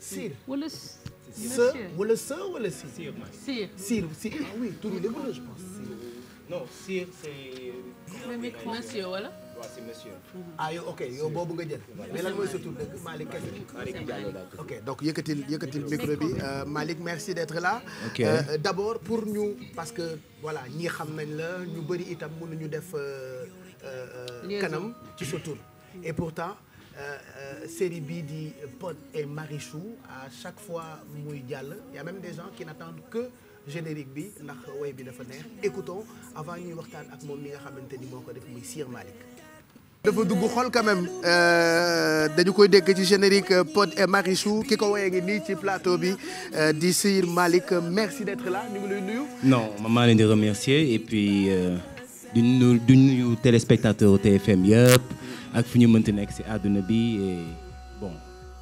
sir wala sœur wala sœur wala sir. sir sir sir la wala. waaw c'est monsieur. ah boobu nga jël. mais lan mooy sa tur dëgg Malick Kane. ok donc yëkkatil yëkkatil micro bi euh, Malick merci d'être là. ok euh, euh, pour ñu parce que voilà ñii xam nañ la ñu bëri itam mënuñu def kanam ci sa tur et pourtant. Euh, euh, série bii di Pod et Marichou à chaque fois muy jàll y a même des gens qui n'attendent que générique bi ndax way bi dafa neex écoutons avant ñuy waxtaan ak moom mi nga xamante ni moo ko def muy Sir Malick dafa dugg xol quand même euh, dañu koy dégg ci générique Pod et Marichou ki ko woyee ngi nii ci plateau bi di Sir Malick merci d'être là ñu ngi lay nuyu. non maa leen di remercier et puis. du nuyu du nuyu téléspectateur TFM yëpp ak fu ñu mënti nekk si àdduna bi et bon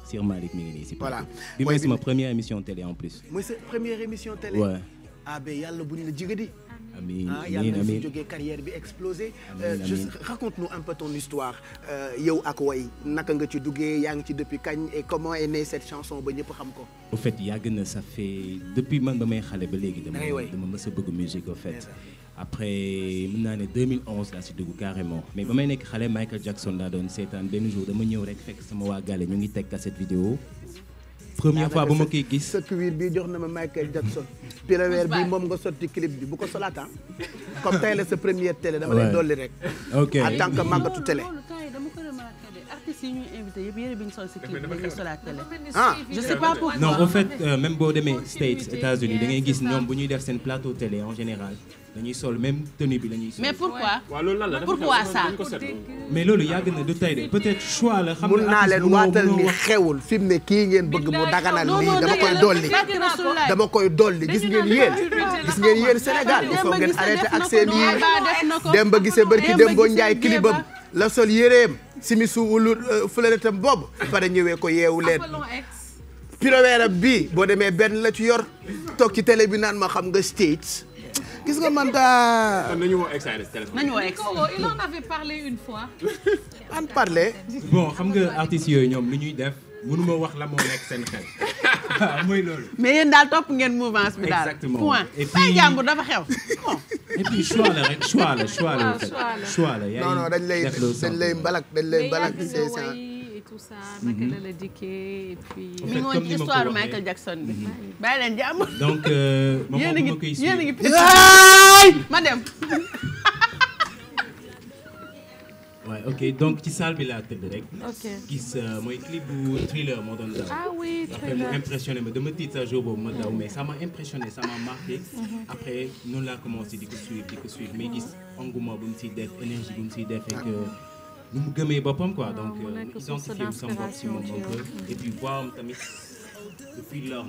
Sir Malik mi nii si. voilà bi mooy sama première émission télé en plus. ma sa première émission télé. waaw ah bu ñu la jigadi. amiin ah, amiin yàlla na fi jógee carrière bi explosé. Euh, juste raconte-nous euh, yow ak way naka nga ci duggee yaa ngi ci depuis kañ et comment est née cette chanson ba ñëpp xam ko. au fait yàgg na ça fait depuis man ba may xale ba léegi. dama dama mës a bëgg musique au fait. après mën naa ne 2011 laa si dugg carrément mais ba may nekk xale Michael Jackson daa doon seetaan benn jour dama ñëw rek fekk sama waa ñu ngi teg cassette vidéo première ah, fois ba ma koy gis sa cuir bi jox na ma Michael Jackson pireweer bi moom nga sotti clip bi bu ko solaata ah. comme tey la sa première télé dama lay dolli rek en tant màggatu télé artistes yi ñuy invité yëpp yëre bi ah, euh, boo demee States États-Unis da ngay gis ñoom bu ñuy def seen plateau télé en général dañuy sol même tenue bi la ñuy sol. mais pourquoi pourquoi ça. mais loolu yàgg na du tey de peut-être choix la. xam nga mun naa leen waatal ni xewul fi mu ne kii ngeen bëgg mu daganal lii dama koy dolli. dama koy dolli gis ngeen yéen. gis ngeen yéen Sénégal il faut ngeen arrêté ak seen yi dem ba gisee barki dem boo njaay clipam la sol yéreem simisu wulu euh, tam boobu pare ñëwee ko yeewu leen piroweeram bi boo demee benn la ci yor toog ci télé bi naan ma xam nga state gis nga man daa. nañu woo ex nañu woo ex. il en avait parlé une xam nga artistes yooyu ñoom lu ñuy def mënuma wax la moo nekk seen xel loolu. mais yéen daal topp ngeen mouvance bi daal. exactement point. et puis jàmbur dafa xew et puis choix la rek choix la choix ah, la choix la non non dañ lay dañ lay mbalak dañ lay mbalak c'est ça mm-hmm. euh, Michael Jackson bi. Mm-hmm. bàyyi leen jàmm. donc. Euh, yéen a ngi yéen a waaw ok donc ci salle bi laa tëdd rek. ok gis euh, mooy clip bu thriller moo doon daw. ah oui thriller après mu impressionné ma ma daw mais ça m'a impressionné m'a marqué. Mhm. après noonu laa commencé di ko suivre di ko suivre mais gis engouement bu mu siy def énergie bu mu siy def ak nu mu gëmee boppam quoi ah, donc. mu euh, nekk source d'inspiration ci donc identifié wu sama bopp si moom et puis voir tamit. depuis lors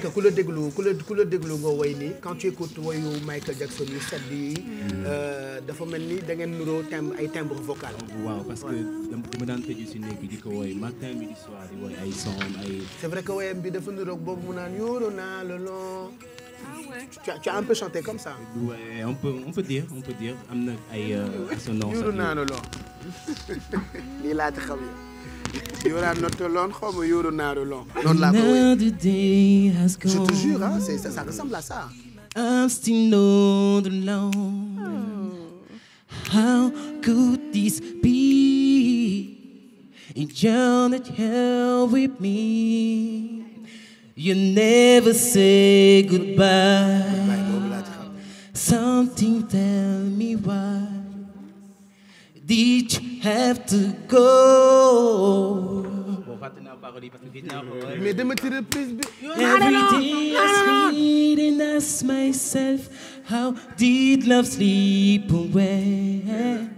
que ku la déglu ku la ku la déglu woy nii quand tu woyu Michael Jackson yu sedd hmm. euh, dafa mel ni da ngeen nuroo timbre ay timbre vocal waaw parce que dama daan tëju si nekk di ko woy matin midi soir di woy ay son ay c'est vrai que woyam bi dafa nuroog boobu mu naan yóoro naa le long ah Tu as, tu as un peu chanté comme ça. Ouais, on peut on peut dire on peut dire am na ay euh, assonances. lii laa ci xam Yora notre lon xaw ma yoro naaru lon noonu laa ko wéy je te jure ah c'est ça, ça ressemble à ça I'm still all alone How could this be You don't help with me You never say goodbye Something that Did have to go? mais dama I did love slip away?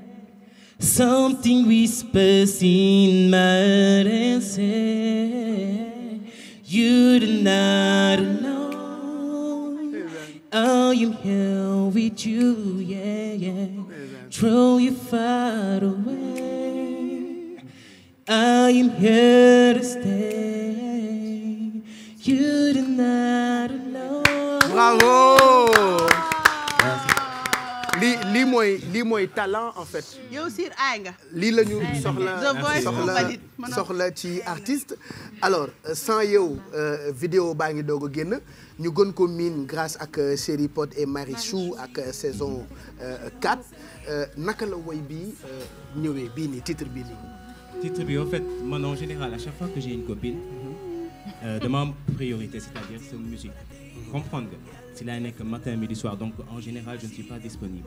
Something whispers in my head and eh? say you're not alone. I am here with you, yeah. throw you I am here to stay. You do not lii mooy talent en fait. yow siir nga. lii la ñu soxla soxla ci artiste. alors euh, sans yow euh, video baa ngi doog a génn ñu gën ko miin grâce ak série euh, Pod et Marichou ak saison 4 naka la woy bii ñëwee bii nii titre bii nii. bi en fait man en général à chaque fois que j'ai une copine. Mhm. Euh, dama am c'est-à-dire c'est musique. comprendre nga si laay nekk matin midi soir donc en général je ne suis pas disponible.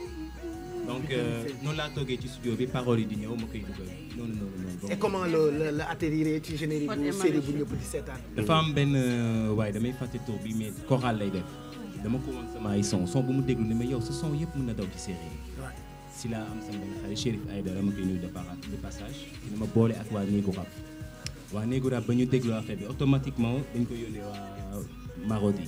donc euh, noonu laa toogee ci studio bi parole di ñëw ma koy dugal noonu noonu noonu. et comment la la atterrir ci générique bu série dafa am benn euh, waaye damay fàtte tur bi mais chorale lay def dama ko woon sama ay son son bu mu déglu ne ma yow sa son yëpp mën na daw ci série si laa am sama benn xarit Chérif Aïdara ma koy nuyu de de passage dina ma boole ak waa Néegu Rap waa Néegu Rap ba ñu déglu affaire bi automatiquement dañ ko yónnee waa. Marodi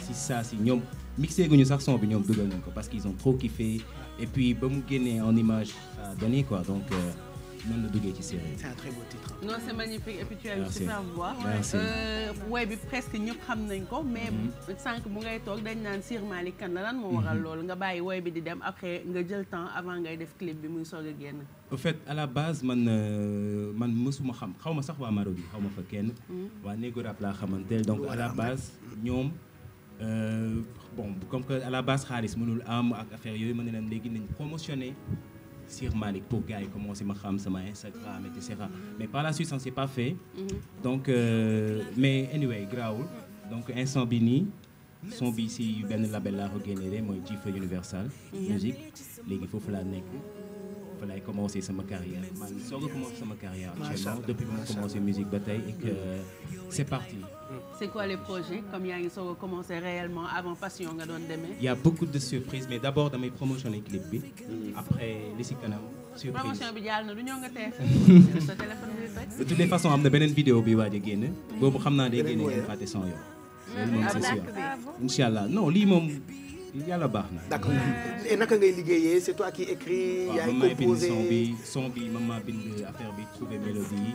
si saa si ñoom mixé guñu sax son bi ñoom dugal nañ ko parce qu'ils ont trop kiffé et puis ba mu génnee en image a euh, donné quoi donc. Euh, mën la duggee ci séeréer. c'est un très beau titre. non c'est magnifique et euh, bi presque ñëpp xam nañ ko. mais mhm. sànq bu ngay toog dañ naan Sir Malick kan la lan moo waral mhm. loolu nga bàyyi way bi di dem après nga jël temps avant ngay def clip bi muy soog a génn. au fait à la base man euh, man mësuma xam xaw ma sax waa Marodi xaw ma fa kenn. Mhm. waa négo rap laa xamante donc à la base ñoom. Euh, bon comme que à la base xaalis mënul am ak affaire yooyu mën na leen léegi nañ promotionné Sir Malik pour gars yi commencé ma xam sama Instagram et cetera mais par la suite ça ne pas fait. Mm-hmm. donc euh, mais anyway donc instant bi nii son bi si benn label laa ko génnee mooy Jifa Universal mm-hmm. Music léegi foofu laa nekk. fa laay commencé sama carrière man soog a commencé sama carrière actuellement depuis que ma commencé musique ba tey mm-hmm. c'est parti. C'est quoi les projets comme yaa ngi soog a commencer réellement avant passion nga doon demee. il y a beaucoup de surprises mais d'abord damay promotionner clip bi. après li si kanam promotion bi jàll na du ñëw nga teef. a génn. boobu xam naa day génne ngeen fàtte son mm. moom ah, c'est sûr ah, incha baax na. d'accord naka ngay liggéeyee c'est toi qui écris. yaay composé waaw maman bind son bi son bi maman bind affaire bi trouver mélodie yi.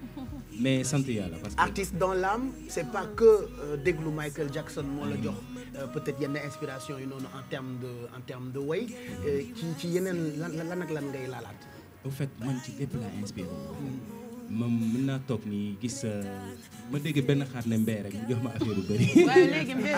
mais sant yàlla parce que artiste dans l'âme c'est pas que euh, déglu Michael Jackson moo la jox euh, peut-être yenn inspiration yu noonu en terme de de way euh, ci ci yeneen lan lan ak lan ngay laalaat. au fait man ci lépp laa ma mën naa toog nii gis euh, ma dégg benn xaar ne mbéy rek mu jox ma affaire bu bëri. waaw léegi mbéy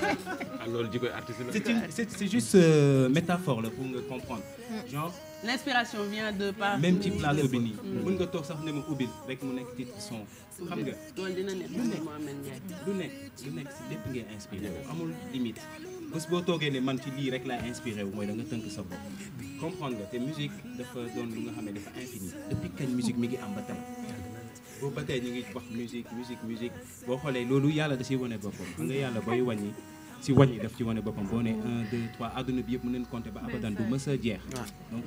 ah, loolu jikoy artiste la. c'est c'est euh, la pour nga comprendre. Mm. genre l'inspiration vient de partout. même ci plateau bi nii. Mm. mën nga toog sax ne ma ubbil rek mu nekk titre son. xam nga loolu dina nekk lu nekk lu nekk lu nekk si lépp ngay inspiré amul limite. bés boo toogee ne man ci lii rek laa inspiré wu mooy da nga tënk sa bopp comprendre nga te musique dafa doon lu nga xam ne dafa infini depuis kañ musique mi ngi am ba tey boobu ñu ngi wax musique musique musique boo xoolee loolu yàlla da siy wane boppam xam nga yàlla booy wàññi si wàññi daf ci wane boppam boo ne un deux trois adduna bi yëpp mën nañ compter ba abadan du mës a jeex ah. donc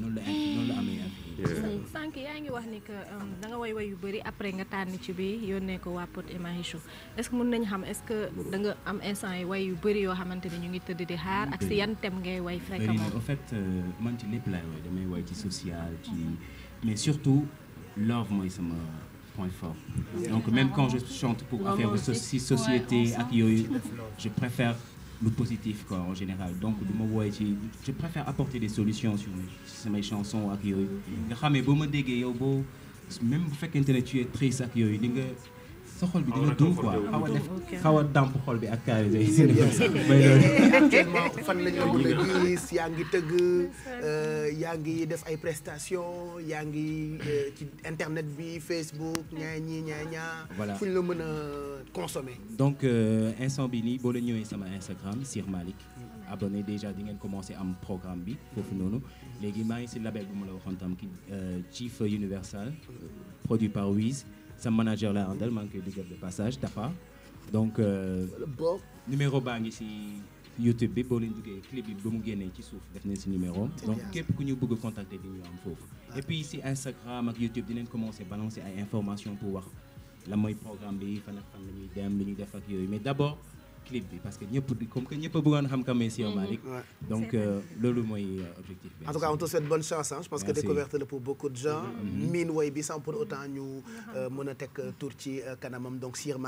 noonu la noonu la yaa ngi wax ni que um, da nga way way yu bëri après nga tànn ci bi yónnee ko waa Pod et Marichou est-ce que mën nañ xam est-ce que danga am instant yi way yu bëri yoo xamante ni ñu ngi tëdd di xaar ak si yan ngay way fréquemment en fait euh, man ci lépp laay way damay woy ci social ci mais surtout love mooy sama point fort donc même quand je chante pour affaire si société ak yooyu je préfère lu positif quoi en général donc du ma wooye ci je préfère apporter des solutions sur samay chansons ak yooyu mm. nga xamee boo ma déggee yow boo même bu fekkente ne tu es triste ak yooyu di nga sa bi dina dum quoi xaw a def xaw a dàmp xol bi ak kaari day si actuellement fan la yaa ngi tëgg euh, yaa ngi def ay prestation yaa ngi euh, ci internet bi Facebook ñaa ñi ñaa ñaa voilà fu mën a consommer donc euh, instant bi nii boo la ñëwee sama Instagram Sir Malick abonné déjà di ngeen commencé am programme bi foofu noonu léegi maa ngi si label bu ma la waxoon tam ki Chief Universal produit par Wiz sa manager la àndal maa ngi koy digal de passage Tapa donc euh, numéro baa ngi si YouTube bi boo leen duggee clip bi ba mu génnee ci suuf def nañ si numéro donc képp ku ñu bëgg a contacter di ñu am foofu et puis si Instagram ak YouTube dinañ commencé balancer ay information pour wax la mooy programme bi fan ak fan la ñuy dem lu ñuy def ak yooyu mais d'abord clip bi parce que ñëpp comme que ñëpp a bëggoon xam Kamé Sio mhm. Malick donc euh, loolu mooy euh, objectif bi en tout cas on te souhaite bonne chance hein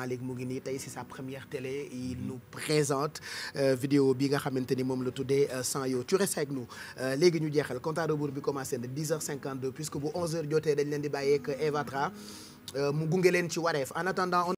je mu ngi nii tey c'est sa première télé il mhm. nous présente euh, vidéo bi nga xamante ni moom la tuddee sans yow tu restes avec nous léegi ñu jeexal compte à rebours bi commencé na 10h52 puisque bu 11 jotee dañ leen di bàyyeek Evatra mu gunge leen ci wareef en attendant